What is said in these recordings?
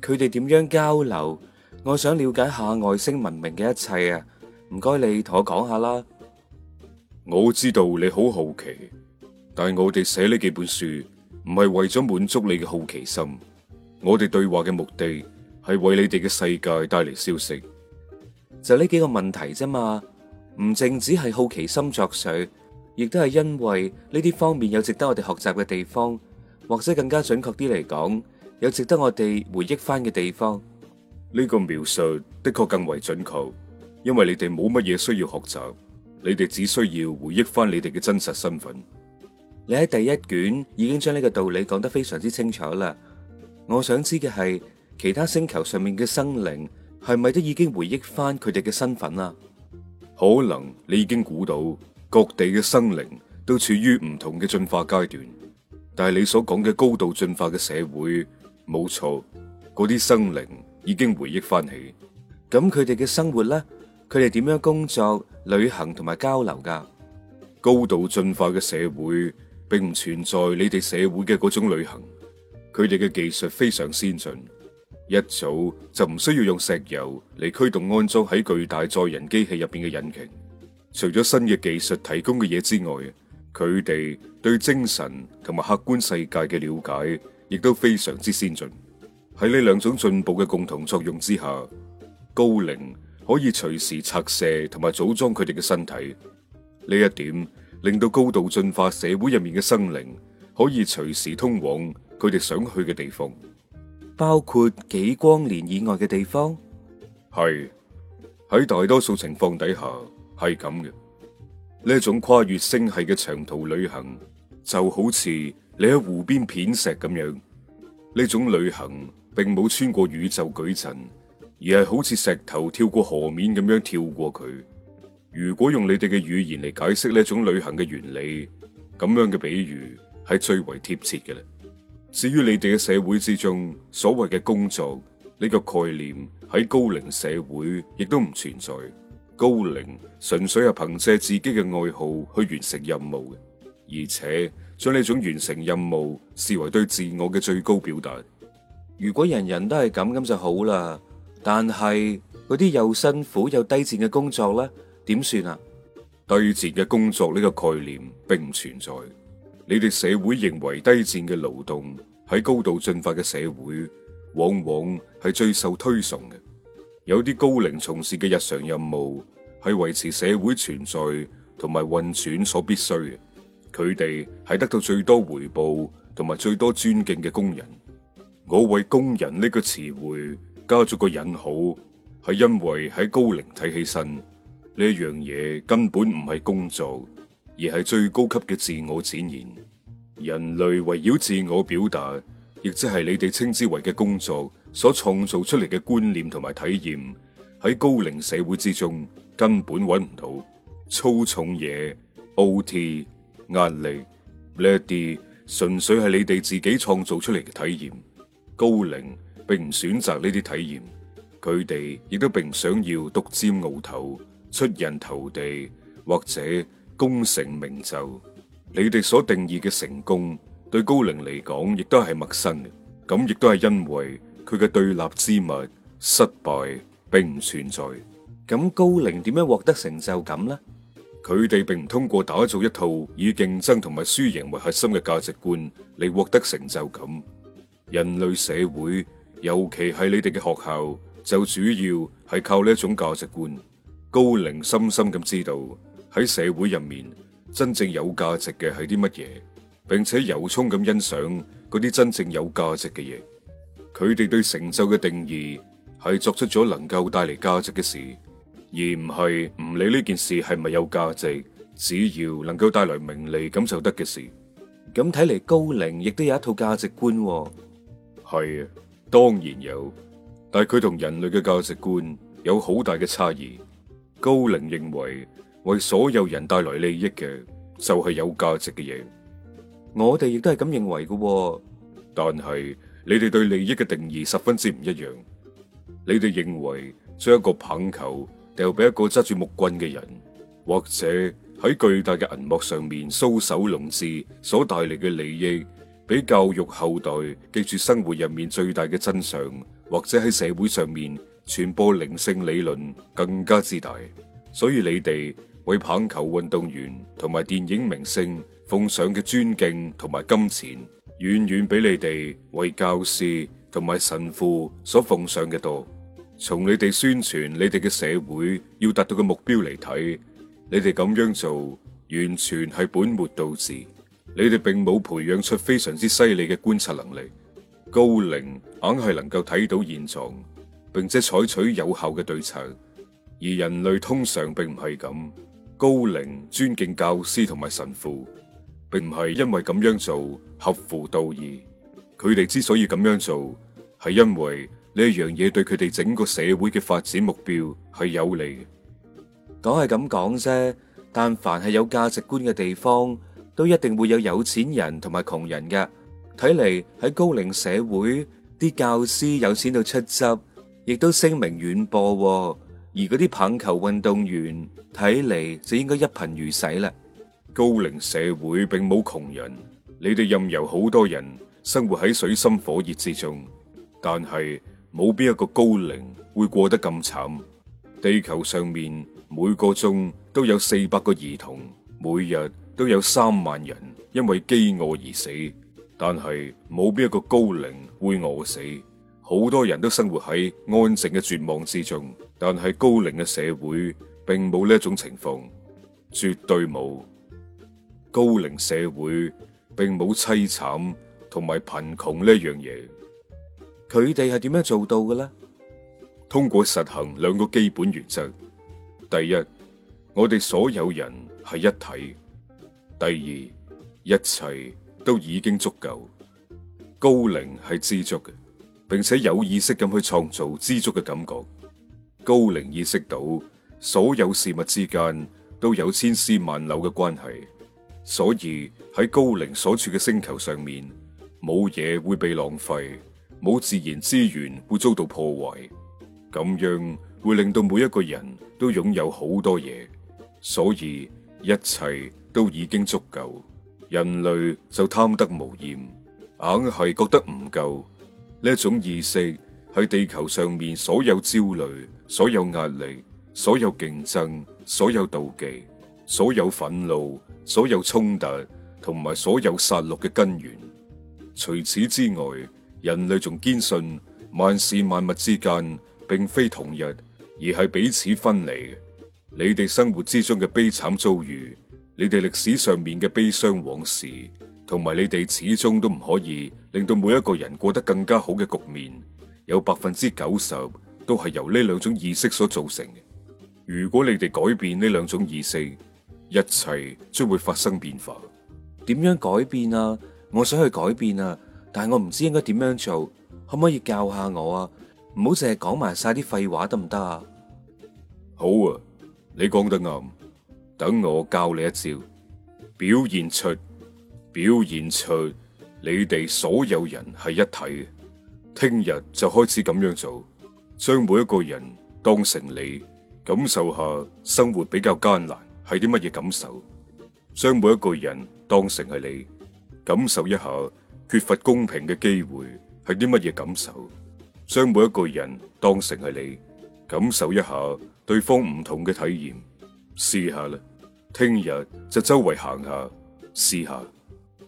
佢哋點樣交流？我想了解下外星文明嘅一切啊！唔該，你同我講下啦。我知道你好好奇，但係我哋寫呢幾本書唔係為咗滿足你嘅好奇心。我哋對話嘅目的係為你哋嘅世界帶嚟消息。就呢幾個問題啫嘛，唔淨只係好奇心作祟，亦都係因為呢啲方面有值得我哋學習嘅地方，或者更加準確啲嚟講，有值得我哋回憶翻嘅地方。呢個描述的確更為準確，因為你哋冇乜嘢需要學習，你哋只需要回憶翻你哋嘅真實身份。你喺第一卷已經將呢個道理講得非常之清楚啦。我想知嘅係，其他星球上面嘅生靈係咪都已經回憶翻佢哋嘅身份啦？可能你已經估到各地嘅生靈都處於唔同嘅進化階段，但係你所講嘅高度進化嘅社會。冇錯，嗰啲生靈已經回憶翻起，咁佢哋嘅生活咧，佢哋點樣工作、旅行同埋交流噶？高度進化嘅社會並唔存在你哋社會嘅嗰種旅行，佢哋嘅技術非常先進，一早就唔需要用石油嚟驅動安裝喺巨大載人機器入邊嘅引擎。除咗新嘅技術提供嘅嘢之外，佢哋對精神同埋客觀世界嘅了解。亦都非常之先進，喺呢兩種進步嘅共同作用之下，高靈可以隨時拆卸同埋組裝佢哋嘅身體。呢一點令到高度進化社會入面嘅生靈可以隨時通往佢哋想去嘅地方，包括幾光年以外嘅地方。係，喺大多數情況底下係咁嘅。呢一種跨越星系嘅長途旅行就好似。你喺湖邊片石咁樣，呢種旅行並冇穿過宇宙矩陣，而係好似石頭跳過河面咁樣跳過佢。如果用你哋嘅語言嚟解釋呢種旅行嘅原理，咁樣嘅比喻係最為貼切嘅啦。至於你哋嘅社會之中所謂嘅工作，呢個概念喺高齡社會亦都唔存在。高齡純粹係憑借自己嘅愛好去完成任務嘅，而且，將呢種完成任務視為對自我嘅最高表達。如果人人都係咁，咁就好啦，但係嗰啲又辛苦又低賤嘅工作咧，點算啊？低賤嘅工作呢，呢工作個概念並唔存在。你哋社會認為低賤嘅勞動喺高度進化嘅社會，往往係最受推崇嘅。有啲高齡從事嘅日常任務，係維持社會存在同埋運轉所必須嘅。佢哋係得到最多回報同埋最多尊敬嘅工人。我為工人呢個詞彙加咗個引號，係因為喺高齡睇起身呢樣嘢根本唔係工作，而係最高級嘅自我展現。人類圍繞自我表達，亦即係你哋稱之為嘅工作，所創造出嚟嘅觀念同埋體驗，喺高齡社會之中根本揾唔到粗重嘢 OT、OT、壓力呢一啲純粹係你哋自己創造出嚟嘅體驗。高靈並唔選擇呢啲體驗，佢哋亦都並唔想要獨占鰲頭、出人頭地或者功成名就。你哋所定義嘅成功，對高靈嚟講亦都係陌生嘅。咁亦都係因為佢嘅對立之物失敗並唔存在。咁高靈點樣獲得成就感呢？佢哋並唔通過打造一套以競爭同埋輸贏為核心嘅價值觀嚟獲得成就感。人類社會，尤其係你哋嘅學校，就主要係靠呢一種價值觀。高靈深深咁知道喺社會入面真正有價值嘅係啲乜嘢，並且由衷咁欣賞嗰啲真正有價值嘅嘢。佢哋對成就嘅定義係作出咗能夠帶嚟價值嘅事。而唔係唔理呢件事係咪有價值，只要能夠帶來名利咁就得嘅事。咁睇嚟高靈亦都有一套價值觀喎。係啊，當然有，但係佢同人類嘅價值觀有好大嘅差異。高靈認為為所有人帶來利益嘅就係有價值嘅嘢。我哋亦都係咁認為嘅喎。但係你哋對利益嘅定義十分之唔一樣。你哋認為將一個棒球。丟俾一個揸住木棍嘅人，或者喺巨大嘅銀幕上面搔首弄姿所帶嚟嘅利益，比教育後代記住生活入面最大嘅真相，或者喺社會上面傳播靈性理論更加之大。所以你哋為棒球運動員同埋電影明星奉上嘅尊敬同埋金錢，遠遠比你哋為教師同埋神父所奉上嘅多。從你哋宣傳你哋嘅社會要達到嘅目標嚟睇，你哋咁樣做完全係本末倒置。你哋並冇培養出非常之犀利嘅觀察能力，高靈硬係能夠睇到現狀，並且採取有效嘅對策。而人類通常並唔係咁，高靈尊敬教師同埋神父，並唔係因為咁樣做合乎道義。佢哋之所以咁樣做，係因為。呢一樣嘢對佢哋整個社會嘅發展目標係有利嘅。講係咁講啫，但凡係有價值觀嘅地方，都一定會有有錢人同埋窮人嘅。睇嚟喺高齡社會，啲教師有錢到出汁，亦都聲名遠播喎；而嗰啲棒球運動員，睇嚟就應該一貧如洗啦。高齡社會並冇窮人，你哋任由好多人生活喺水深火熱之中，但係。冇邊一個高齡會過得咁慘？地球上面每個鐘都有四百個兒童，每日都有三萬人因為飢餓而死。但係冇邊一個高齡會餓死？好多人都生活喺安靜嘅絕望之中。但係高齡嘅社會並冇呢種情況，絕對冇。高齡社會並冇淒慘同埋貧窮呢樣嘢。佢哋係點樣做到嘅咧？通過實行兩個基本原則：第一，我哋所有人係一體；第二，一切都已經足夠。高靈係知足嘅，並且有意識咁去創造知足嘅感覺。高靈意識到所有事物之間都有千絲萬縷嘅關係，所以喺高靈所處嘅星球上面，冇嘢會被浪費。冇自然資源會遭到破壞，咁樣會令到每一個人都擁有好多嘢，所以一切都已經足夠。人類就貪得無厭，硬係覺得唔夠。呢種意識喺地球上面所有焦慮、所有壓力、所有競爭、所有妒忌、所有憤怒、所有衝突同埋所有殺戮嘅根源。除此之外。人類仲堅信萬事萬物之間並非同日，而係彼此分離。你哋生活之中嘅悲慘遭遇，你哋歷史上面嘅悲傷往事，同埋你哋始終都唔可以令到每一個人過得更加好嘅局面，有百分之九十都係由呢兩種意識所造成嘅。如果你哋改變呢兩種意識，一切將會發生變化。點樣改變啊？我想去改變啊！但係我唔知應該點樣做，可唔可以教下我啊？唔好淨係講埋晒啲廢話得唔得啊？好啊，你講得啱，等我教你一招，表現出表現出你哋所有人係一體嘅。聽日就開始咁樣做，將每一個人當成你，感受下生活比較艱難係啲乜嘢感受。將每一個人當成係你，感受一下。缺乏公平嘅機會係啲乜嘢感受？將每一個人當成係你，感受一下對方唔同嘅體驗，試下啦。聽日就周圍行下，試下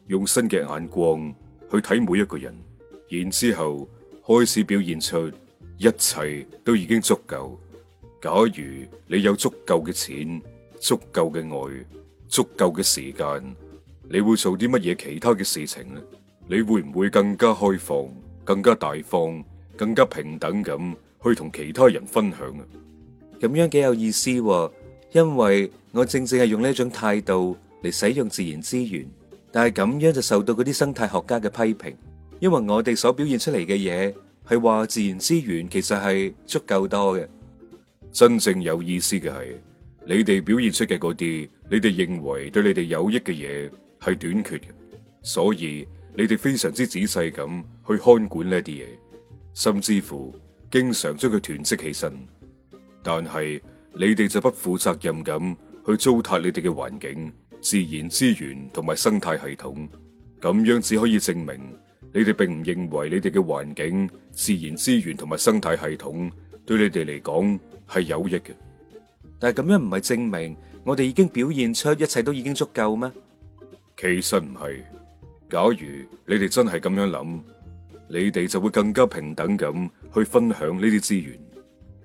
用新嘅眼光去睇每一個人，然之後開始表現出一切都已經足夠。假如你有足夠嘅錢、足夠嘅愛、足夠嘅時間，你會做啲乜嘢其他嘅事情呢？你會唔會更加開放、更加大方、更加平等咁去同其他人分享啊？咁樣幾有意思，哦，因為我正正係用呢一種態度嚟使用自然資源，但係咁樣就受到嗰啲生態學家嘅批評，因為我哋所表現出嚟嘅嘢係話自然資源其實係足夠多嘅。真正有意思嘅係，你哋表現出嘅嗰啲，你哋認為對你哋有益嘅嘢係短缺嘅，所以。你哋非常之仔細咁去看管呢啲嘢，甚至乎經常將佢囤積起身。但係你哋就不負責任咁去糟蹋你哋嘅環境、自然資源同埋生態系統，咁樣只可以證明你哋並唔認為你哋嘅環境、自然資源同埋生態系統對你哋嚟講係有益嘅。但係咁樣唔係證明我哋已經表現出一切都已經足夠咩？其實唔係。假如你哋真係咁樣諗，你哋就會更加平等咁去分享呢啲資源。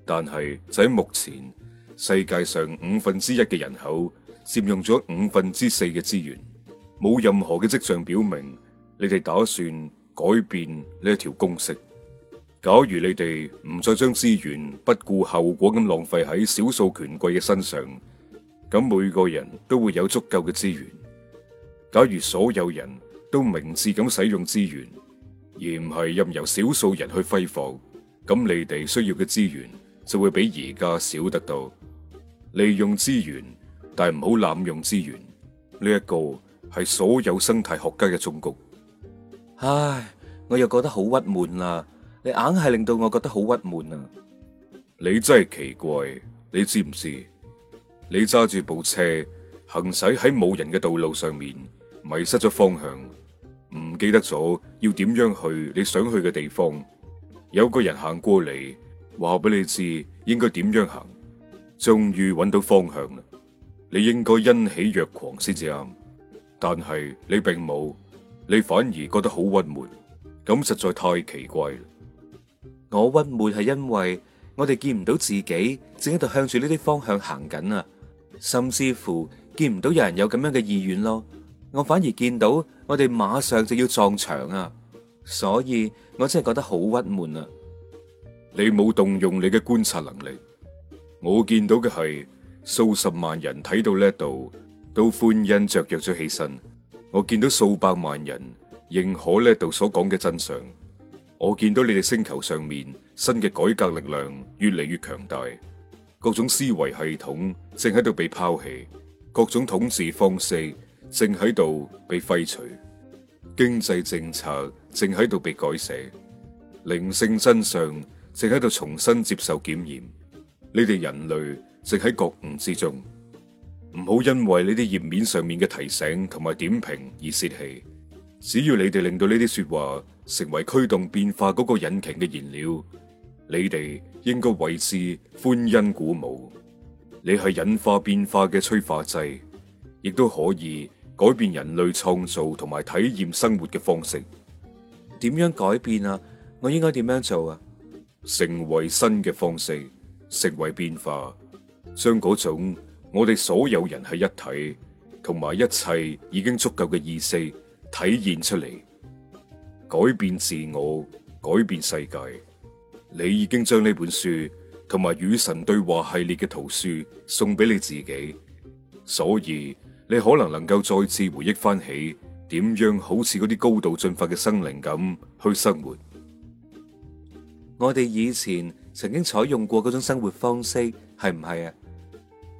但係就喺目前，世界上五分之一嘅人口佔用咗五分之四嘅資源，冇任何嘅跡象表明你哋打算改變呢一條公式。假如你哋唔再將資源不顧後果咁浪費喺少數權貴嘅身上，咁每個人都會有足夠嘅資源。假如所有人都明智咁使用資源，而唔係任由少數人去揮霍。咁你哋需要嘅資源就會比而家少得多。利用資源，但唔好濫用資源。呢一個係所有生態學家嘅忠告。唉，我又覺得好鬱悶啦！你硬係令到我覺得好鬱悶啊！你真係奇怪，你知唔知？你揸住部車行駛喺冇人嘅道路上面，迷失咗方向。唔記得咗要點樣去你想去嘅地方，有個人行過嚟，話俾你知應該點樣行，終於揾到方向啦。你應該欣喜若狂先至啱，但係你並冇，你反而覺得好鬱悶，咁實在太奇怪啦。我鬱悶係因為我哋見唔到自己正喺度向住呢啲方向行緊啊，甚至乎見唔到有人有咁樣嘅意願咯。我反而見到我哋馬上就要撞牆啊！所以我真係覺得好鬱悶啊！你冇動用你嘅觀察能力，我見到嘅係數十萬人睇到呢一度都歡欣雀躍咗起身，我見到數百萬人認可呢一度所講嘅真相，我見到你哋星球上面新嘅改革力量越嚟越強大，各種思維系統正喺度被拋棄，各種統治方式。正喺度被廢除，經濟政策正喺度被改寫，靈性真相正喺度重新接受檢驗。你哋人類正喺覺悟之中，唔好因為呢啲頁面上面嘅提醒同埋點評而泄氣。只要你哋令到呢啲說話成為驅動變化嗰個引擎嘅燃料，你哋應該為之歡欣鼓舞。你係引化變化嘅催化劑，亦都可以。改變人類創造同埋體驗生活嘅方式，點樣改變啊？我應該點樣做啊？成為新嘅方式，成為變化，將嗰種我哋所有人喺一體同埋一切已經足夠嘅意識體現出嚟，改變自我，改變世界。你已經將呢本書同埋與神對話系列嘅圖書送俾你自己，所以，你可能能夠再次回憶翻起點樣好似嗰啲高度進化嘅生靈咁去生活。我哋以前曾經採用過嗰種生活方式，係唔係啊？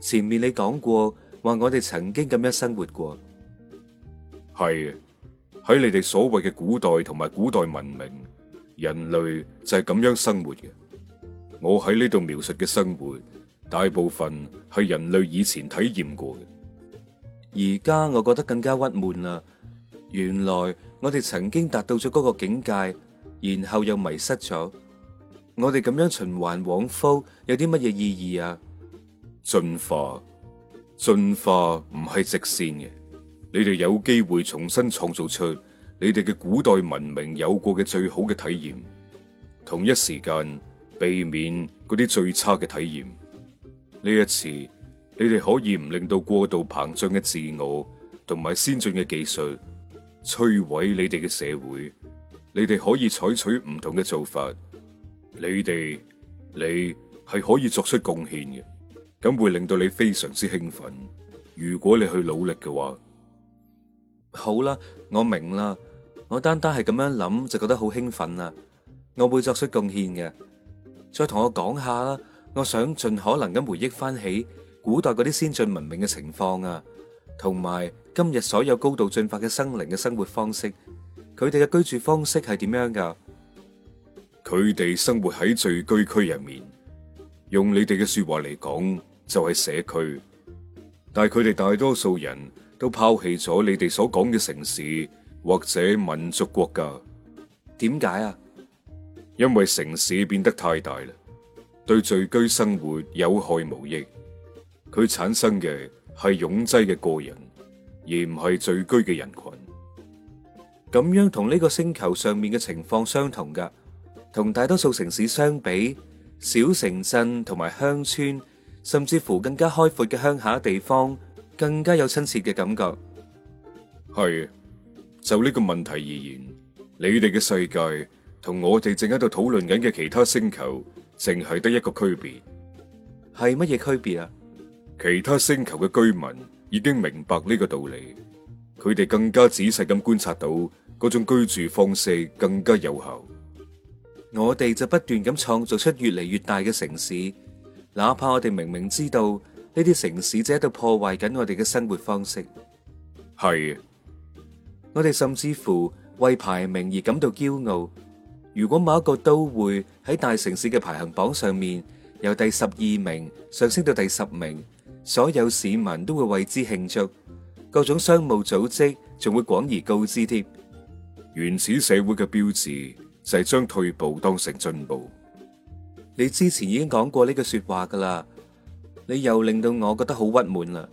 前面你講過話，我哋曾經咁樣生活過，係喺你哋所謂嘅古代同埋古代文明，人類就係咁樣生活嘅。我喺呢度描述嘅生活，大部分係人類以前體驗過嘅。而家我覺得更加鬱悶啦！原來我哋曾經達到咗嗰個境界，然後又迷失咗。我哋咁樣循環往復，有啲乜嘢意義啊？進化，進化唔係直線嘅。你哋有機會重新創造出你哋嘅古代文明有過嘅最好嘅體驗，同一時間避免嗰啲最差嘅體驗。呢一次。你哋可以唔令到過度膨脹嘅自我同埋先進嘅技術摧毀你哋嘅社會，你哋可以採取唔同嘅做法。你哋，你係可以作出貢獻嘅，咁會令到你非常之興奮。如果你去努力嘅話，好啦，我明啦，我單單係咁樣諗就覺得好興奮啦，我會作出貢獻嘅。再同我講下啦，我想盡可能咁回憶翻起。古代嗰啲先進文明嘅情況啊，同埋今日所有高度進化嘅生靈嘅生活方式，佢哋嘅居住方式係點樣噶？佢哋生活喺聚居區入面，用你哋嘅說話嚟講，就係社區。但係佢哋大多數人都拋棄咗你哋所講嘅城市或者民族國家。點解啊？因為城市變得太大啦，對聚居生活有害無益。佢產生嘅係擁擠嘅個人，而唔係聚居嘅人群。咁樣同呢個星球上面嘅情況相同噶。同大多數城市相比，小城鎮同埋鄉村，甚至乎更加開闊嘅鄉下地方，更加有親切嘅感覺。係，就呢個問題而言，你哋嘅世界同我哋正喺度討論緊嘅其他星球，淨係得一個區別。係乜嘢區別啊？其他星球嘅居民已經明白呢個道理，佢哋更加仔細咁觀察到嗰種居住方式更加有效。我哋就不斷咁創造出越嚟越大嘅城市，哪怕我哋明明知道呢啲城市只喺度破壞緊我哋嘅生活方式。係是，我哋甚至乎為排名而感到驕傲。如果某一個都會喺大城市嘅排行榜上面由第十二名上升到第十名。所有市民都會為之慶祝，各種商務組織仲會廣而告之添。原始社會嘅標誌就係將退步當成進步。你之前已經講過呢句說話噶啦，你又令到我覺得好鬱悶啦。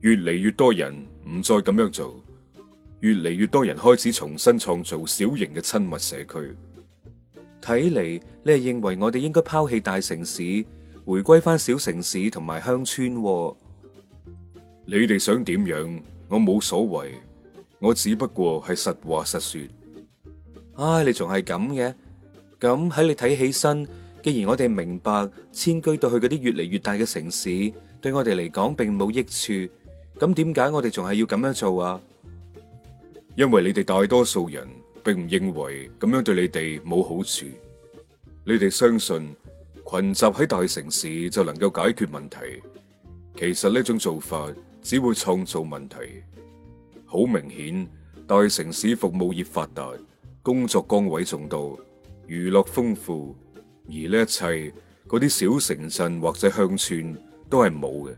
越嚟越多人唔再咁樣做，越嚟越多人開始重新創造小型嘅親密社區。睇嚟你係認為我哋應該拋棄大城市。回歸翻小城市同埋鄉村，哦，你哋想點樣？我冇所謂，我只不過係實話實說。唉，啊，你仲係咁嘅？咁喺你睇起身，既然我哋明白遷居到去嗰啲越嚟越大嘅城市，對我哋嚟講並冇益處，咁點解我哋仲係要咁樣做啊？因為你哋大多數人並唔認為咁樣對你哋冇好處，你哋相信。群集喺大城市就能夠解決問題，其實呢種做法只會創造問題。好明顯，大城市服務業發達，工作崗位眾多，娛樂豐富，而呢一切嗰啲小城鎮或者鄉村都係冇嘅。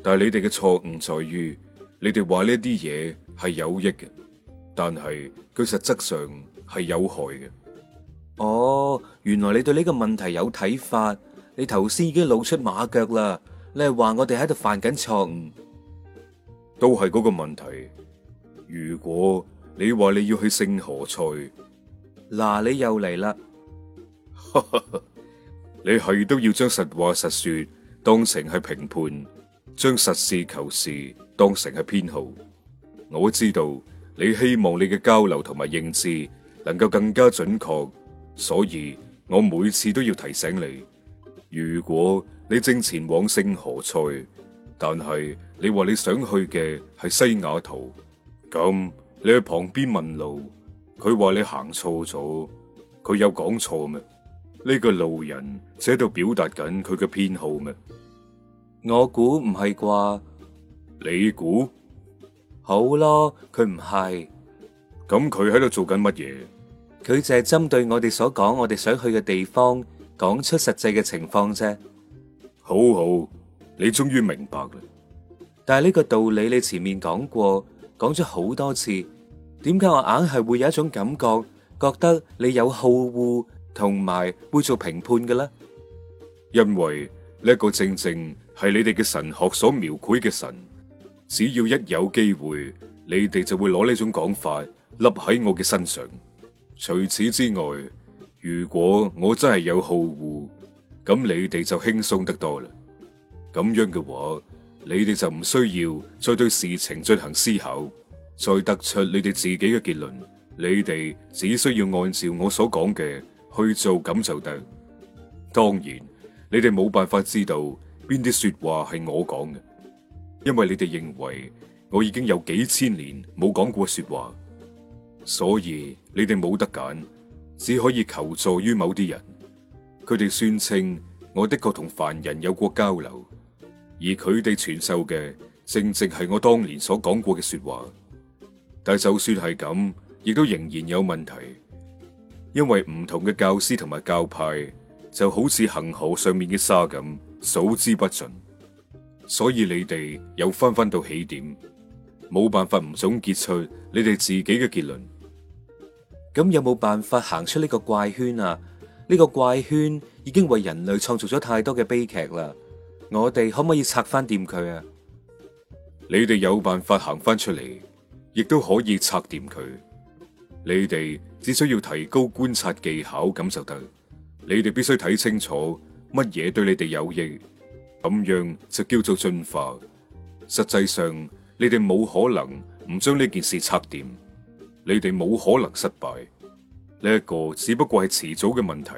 但係你哋嘅錯誤在於，你哋話呢啲嘢係有益嘅，但係佢實質上係有害嘅。哦，oh，原來你對呢個問題有睇法，你頭先已經露出馬腳啦。你係話我哋喺度犯緊錯誤，都係嗰個問題。如果你話你要去聖何賽，嗱，你又嚟啦。 你係都要將實話實說當成係評判，將實事求是當成係偏好。我知道你希望你嘅交流同埋認知能夠更加準確。所以我每次都要提醒你，如果你正前往聖荷西，但係你話你想去嘅係西雅圖，咁你喺旁邊問路，佢話你行錯咗，佢有講錯咩？呢個路人喺度表達緊佢嘅偏好咩？我估唔係啩？你估猜好咯，佢唔係。咁佢喺度做緊乜嘢？佢就係針對我哋所講，我哋想去嘅地方，講出實際嘅情況啫。好好，你終於明白啦。但係呢個道理你前面講過，講咗好多次，點解我硬係會有一種感覺，覺得你有好惡同埋會做評判嘅咧？因為呢個正正係你哋嘅神學所描繪嘅神，只要一有機會，你哋就會攞呢種講法笠喺我嘅身上。除此之外，如果我真係有好護，咁你哋就輕鬆得多啦。咁樣嘅話，你哋就唔需要再對事情進行思考，再得出你哋自己嘅結論。你哋只需要按照我所講嘅去做咁就得。當然，你哋冇辦法知道邊啲說話係我講嘅，因為你哋認為我已經有幾千年冇講過說話。所以你哋冇得揀，只可以求助於某啲人。佢哋宣稱我的確同凡人有過交流，而佢哋傳授嘅正正係我當年所講過嘅說話。但就算係咁，亦都仍然有問題，因為唔同嘅教師同埋教派就好似恒河上面嘅沙咁，數之不盡。所以你哋又翻返到起點，冇辦法唔總結出你哋自己嘅結論。咁有冇辦法行出呢個怪圈啊？呢個怪圈已經為人類創造咗太多嘅悲劇啦。我哋可唔可以拆翻掂佢啊？你哋有辦法行翻出嚟，亦都可以拆掂佢。你哋只需要提高觀察技巧咁就得。你哋必須睇清楚乜嘢對你哋有益，咁樣就叫做進化。實際上，你哋冇可能唔將呢件事拆掂。你哋冇可能失敗，呢一個只不過係遲早嘅問題，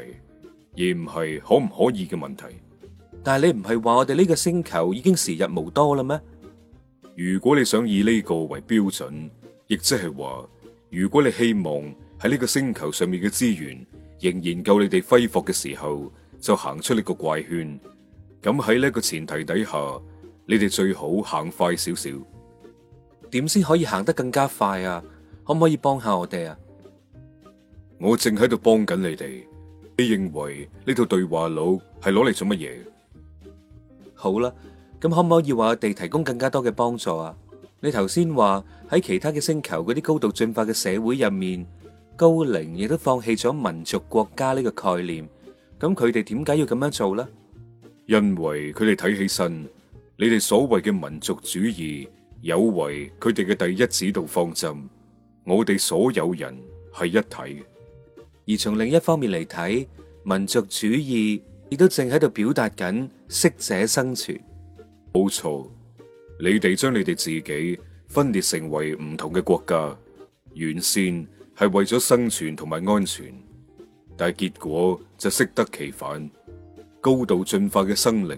而唔係可唔可以嘅問題。但係你唔係話我哋呢個星球已經時日無多啦咩？如果你想以呢個為標準，亦即係話，如果你希望喺呢個星球上面嘅資源仍然夠你哋揮霍嘅時候，就行出呢個怪圈。咁喺呢個前提底下，你哋最好行快少少。點先可以行得更加快啊？可唔可以幫下我哋啊？我正喺度幫緊你哋。你認為呢套對話錄係攞嚟做乜嘢？好啦，咁可唔可以話我哋提供更加多嘅幫助啊？你頭先話喺其他嘅星球嗰啲高度進化嘅社會入面，高靈亦都放棄咗民族國家呢個概念。咁佢哋點解要咁樣做咧？因為佢哋睇起身你哋所謂嘅民族主義有違佢哋嘅第一指導方針。我哋所有人係一體，而從另一方面嚟睇，民族主義亦都正喺度表達緊適者生存。冇錯，你哋將你哋自己分裂成為唔同嘅國家，原先係為咗生存同埋安全，但係結果就適得其反。高度進化嘅生靈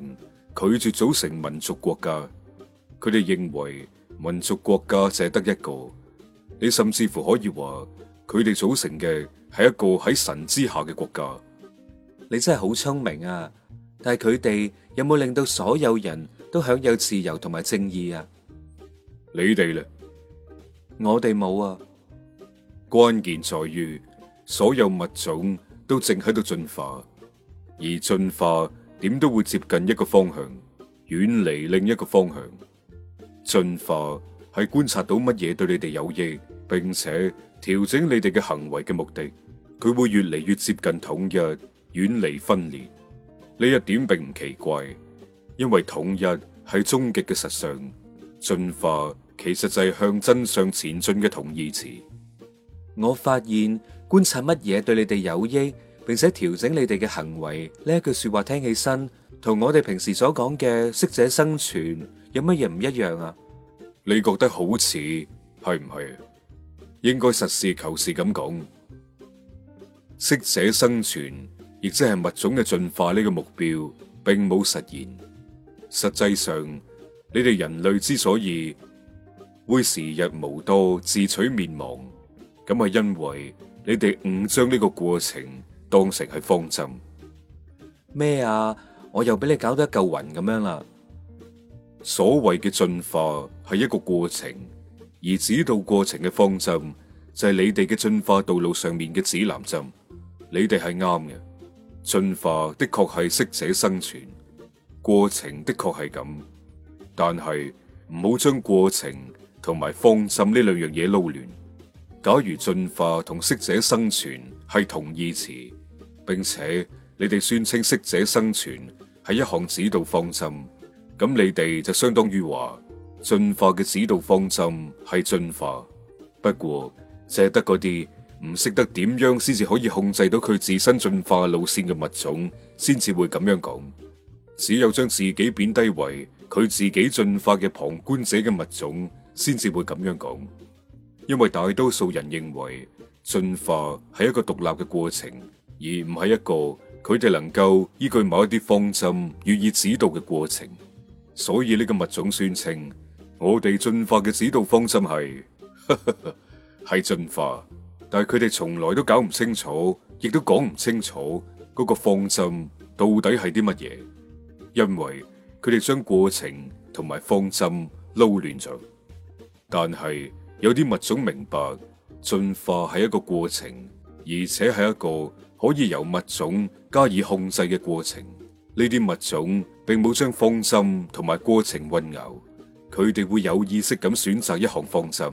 拒絕組成民族國家，佢哋認為民族國家淨得一個。你甚至乎可以話佢哋組成嘅，係一個喺神之下嘅國家。你真係好聰明啊！但係佢哋有冇令到所有人都享有自由同埋正義啊？你哋咧？我哋冇啊。關鍵在於所有物種都正喺度進化，而進化點都會接近一個方向，遠離另一個方向。進化係觀察到乜嘢對你哋有益。並且調整你哋嘅行為嘅目的，佢會越嚟越接近統一，遠離分裂。呢一點並唔奇怪，因為統一係終極嘅實相，進化其實就係向真相前進嘅同義詞。我發現觀察乜嘢對你哋有益，並且調整你哋嘅行為。呢一句說話聽起身，同我哋平時所講嘅適者生存有乜嘢唔一樣啊？你覺得好似係唔係？是應該實事求是咁講，適者生存，亦即係物種嘅進化呢個目標，並冇實現。實際上，你哋人類之所以會時日無多、自取滅亡，咁係因為你哋誤將呢個過程當成係方針。咩啊？我又俾你搞得一嚿雲咁樣啦！所謂嘅進化係一個過程。而指導過程嘅方針就係你哋嘅進化道路上面嘅指南針，你哋係啱嘅。進化的確係適者生存，過程的確係咁，但係唔好將過程同埋方針呢兩樣嘢撈亂。假如進化同適者生存係同義詞，並且你哋宣稱適者生存係一項指導方針，咁你哋就相當於話。進化嘅指導方針係進化，不過淨係得嗰啲唔識得點樣先至可以控制到佢自身進化路線嘅物種，先至會咁樣講。只有將自己貶低為佢自己進化嘅旁觀者嘅物種，先至會咁樣講。因為大多數人認為進化係一個獨立嘅過程，而唔係一個佢哋能夠依據某一啲方針予以指導嘅過程。所以呢個物種宣稱。我哋進化嘅指導方針係係進化，但係佢哋從來都搞唔清楚，亦都講唔清楚嗰個方針到底係啲乜嘢，因為佢哋將過程同埋方針撈亂咗。但係有啲物種明白進化係一個過程，而且係一個可以由物種加以控制嘅過程。呢啲物種並冇將方針同埋過程混淆。佢哋會有意識咁選擇一項方針，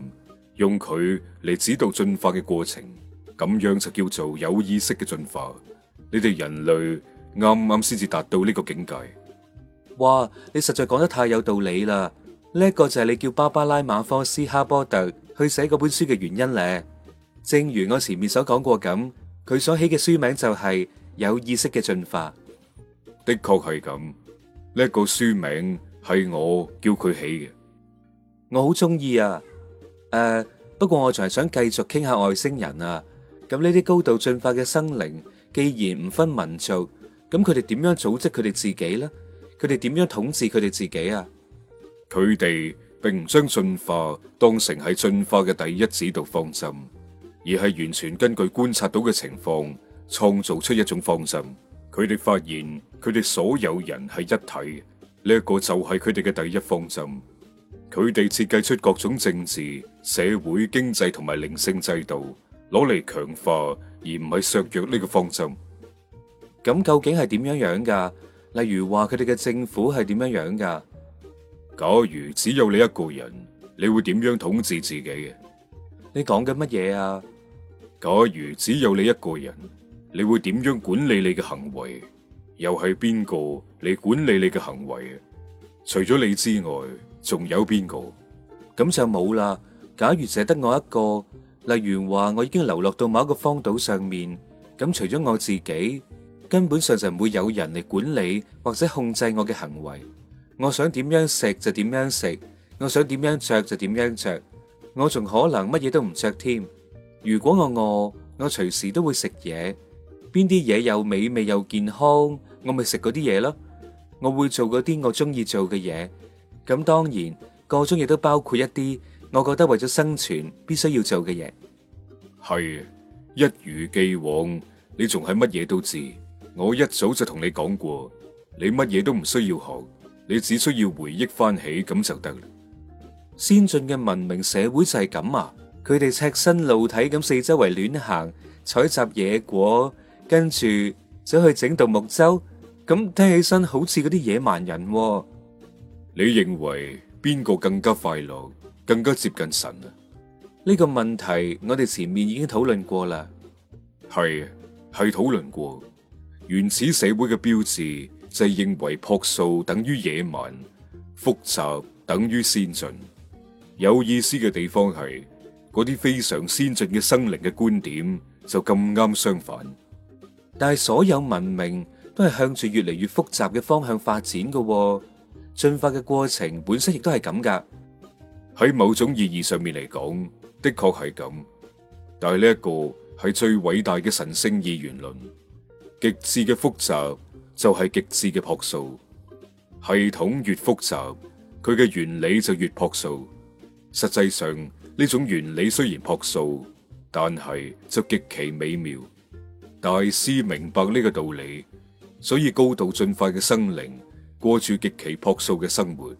用佢嚟指導進化嘅過程，咁樣就叫做有意識嘅進化。你哋人類啱啱先至達到呢個境界。哇！你實在講得太有道理啦！呢、這、一個就係你叫芭芭拉馬科斯哈波特去寫嗰本書嘅原因咧。正如我前面所講過咁，佢所起嘅書名就係有意識嘅進化。的確係咁，呢、這個書名係我叫佢起嘅。我好中意啊！誒，uh，不過我仲係想繼續傾下外星人啊。咁呢啲高度進化嘅生靈，既然唔分民族，咁佢哋點樣組織佢哋自己呢？佢哋點樣統治佢哋自己啊？佢哋並唔將進化當成係進化嘅第一指導方針，而係完全根據觀察到嘅情況創造出一種方針。佢哋發現佢哋所有人係一體，呢一個就係佢哋嘅第一方針。佢哋設計出各種政治、社會、經濟同埋靈性制度，攞嚟強化而唔係削弱呢個方針。咁究竟係點樣樣噶？例如話佢哋嘅政府係點樣樣噶？假如只有你一個人，你會點樣統治自己啊？你講緊乜嘢啊？假如只有你一個人，你會點樣管理你嘅行為？又係邊個嚟管理你嘅行為？除咗你之外？仲有邊個？咁就冇啦。假如淨係得我一個，例如話我已經流落到某一個荒島上面，咁除咗我自己，根本上就唔會有人嚟管理或者控制我嘅行為。我想點樣食就點樣食，我想點樣着就點樣着，我仲可能乜嘢都唔着添。如果我餓，我隨時都會食嘢。邊啲嘢又美味又健康，我咪食嗰啲嘢咯。我會做嗰啲我中意做嘅嘢。咁當然，個中亦都包括一啲，我覺得為咗生存必須要做嘅嘢。係一如既往，你仲係乜嘢都知。我一早就同你講過，你乜嘢都唔需要學，你只需要回憶翻起咁就得啦。先進嘅文明社會就係咁啊！佢哋赤身露體咁四周圍亂行，採集野果，跟住走去整獨木舟，咁聽起身好似嗰啲野蠻人喎。你認為邊個更加快樂、更加接近神啊？呢個問題我哋前面已經討論過啦，係係討論過。原始社會嘅標誌就係認為樸素等於野蠻，複雜等於先進。有意思嘅地方係嗰啲非常先進嘅生靈嘅觀點就咁啱相反，但係所有文明都係向住越嚟越複雜嘅方向發展㗎喎。進化嘅過程本身亦都係咁噶，喺某種意義上面嚟講，的確係咁。但係呢一個係最偉大嘅神聖二元論，極致嘅複雜就係極致嘅樸素。系統越複雜，佢嘅原理就越樸素。實際上呢種原理雖然樸素，但係就極其美妙。大師明白呢個道理，所以高度進化嘅生靈。過住極其樸素嘅生活，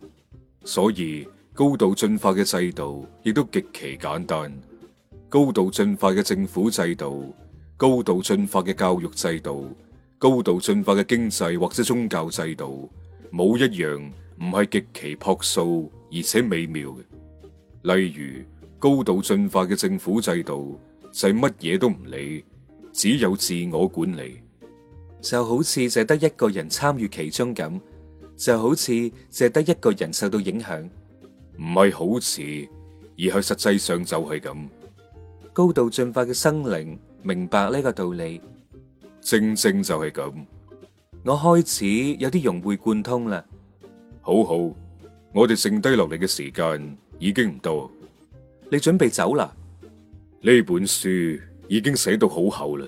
所以高度進化嘅制度亦都極其簡單。高度進化嘅政府制度、高度進化嘅教育制度、高度進化嘅經濟或者宗教制度，冇一樣唔係極其樸素而且美妙嘅。例如，高度進化嘅政府制度就係乜嘢都唔理，只有自我管理，就好似淨得一個人參與其中咁。就好似淨得一個人受到影響，唔係好似，而係實際上就係咁。高度進化嘅生靈明白呢個道理，正正就係咁。我開始有啲融會貫通啦。好好，我哋剩低落嚟嘅時間已經唔多，你準備走啦？呢本書已經寫到好厚啦。